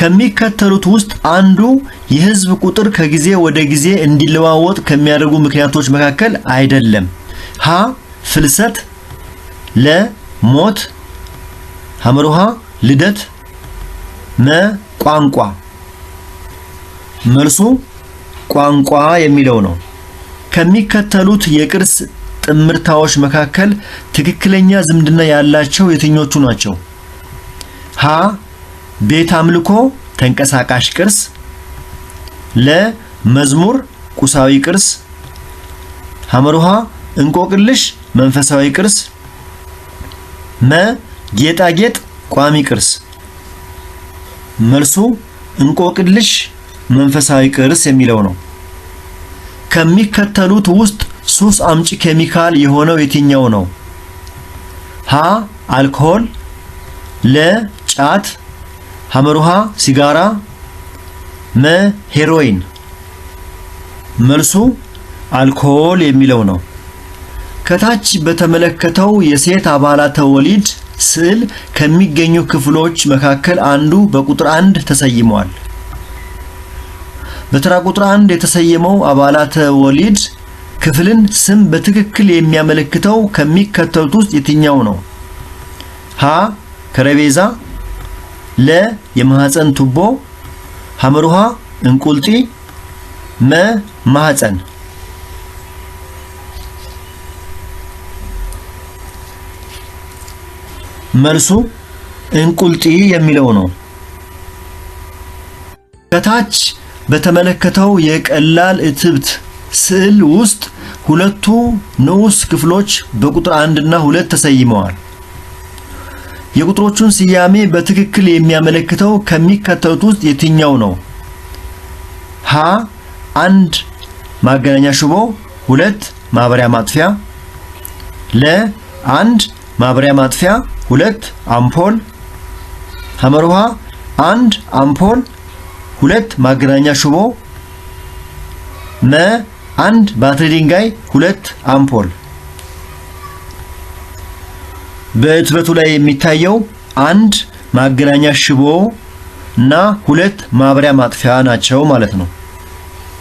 ከሚከተሉት ውስጥ አንዱ የህዝብ ቁጥር ከጊዜ ወደ ጊዜ እንዲለዋወጥ ከሚያደርጉ ምክንያቶች መካከል አይደለም። ሀ ፍልሰት፣ ለ ሞት፣ ሐመርሃ ልደት፣ መ ቋንቋ። መልሱ ቋንቋ የሚለው ነው። ከሚከተሉት የቅርስ ጥምርታዎች መካከል ትክክለኛ ዝምድና ያላቸው የትኞቹ ናቸው? ሀ ቤት አምልኮ ተንቀሳቃሽ ቅርስ፣ ለመዝሙር ቁሳዊ ቅርስ፣ ሀመሩሃ እንቆቅልሽ መንፈሳዊ ቅርስ፣ መ ጌጣጌጥ ቋሚ ቅርስ። መልሱ እንቆቅልሽ መንፈሳዊ ቅርስ የሚለው ነው። ከሚከተሉት ውስጥ ሱስ አምጪ ኬሚካል የሆነው የትኛው ነው? ሀ አልኮል ለ ጫት ሀመሩሃ ሲጋራ፣ መ ሄሮይን። መልሱ አልኮል የሚለው ነው። ከታች በተመለከተው የሴት አባላተ ወሊድ ስዕል ከሚገኙ ክፍሎች መካከል አንዱ በቁጥር አንድ ተሰይሟል። በተራ ቁጥር አንድ የተሰየመው አባላተ ወሊድ ክፍልን ስም በትክክል የሚያመለክተው ከሚከተሉት ውስጥ የትኛው ነው? ሀ ከረቤዛ ለ የማህፀን ቱቦ ሐመሩሃ እንቁልጢ መ ማህፀን መልሱ እንቁልጢ የሚለው ነው። ከታች በተመለከተው የቀላል እትብት ስዕል ውስጥ ሁለቱ ንዑስ ክፍሎች በቁጥር አንድ እና ሁለት ተሰይመዋል። የቁጥሮቹን ስያሜ በትክክል የሚያመለክተው ከሚከተሉት ውስጥ የትኛው ነው? ሀ አንድ ማገናኛ ሽቦ፣ ሁለት ማብሪያ ማጥፊያ፣ ለ አንድ ማብሪያ ማጥፊያ፣ ሁለት አምፖል፣ ሐመርሃ አንድ አምፖል፣ ሁለት ማገናኛ ሽቦ፣ መ አንድ ባትሪ ድንጋይ፣ ሁለት አምፖል በእጥረቱ ላይ የሚታየው አንድ ማገናኛ ሽቦ እና ሁለት ማብሪያ ማጥፊያ ናቸው ማለት ነው።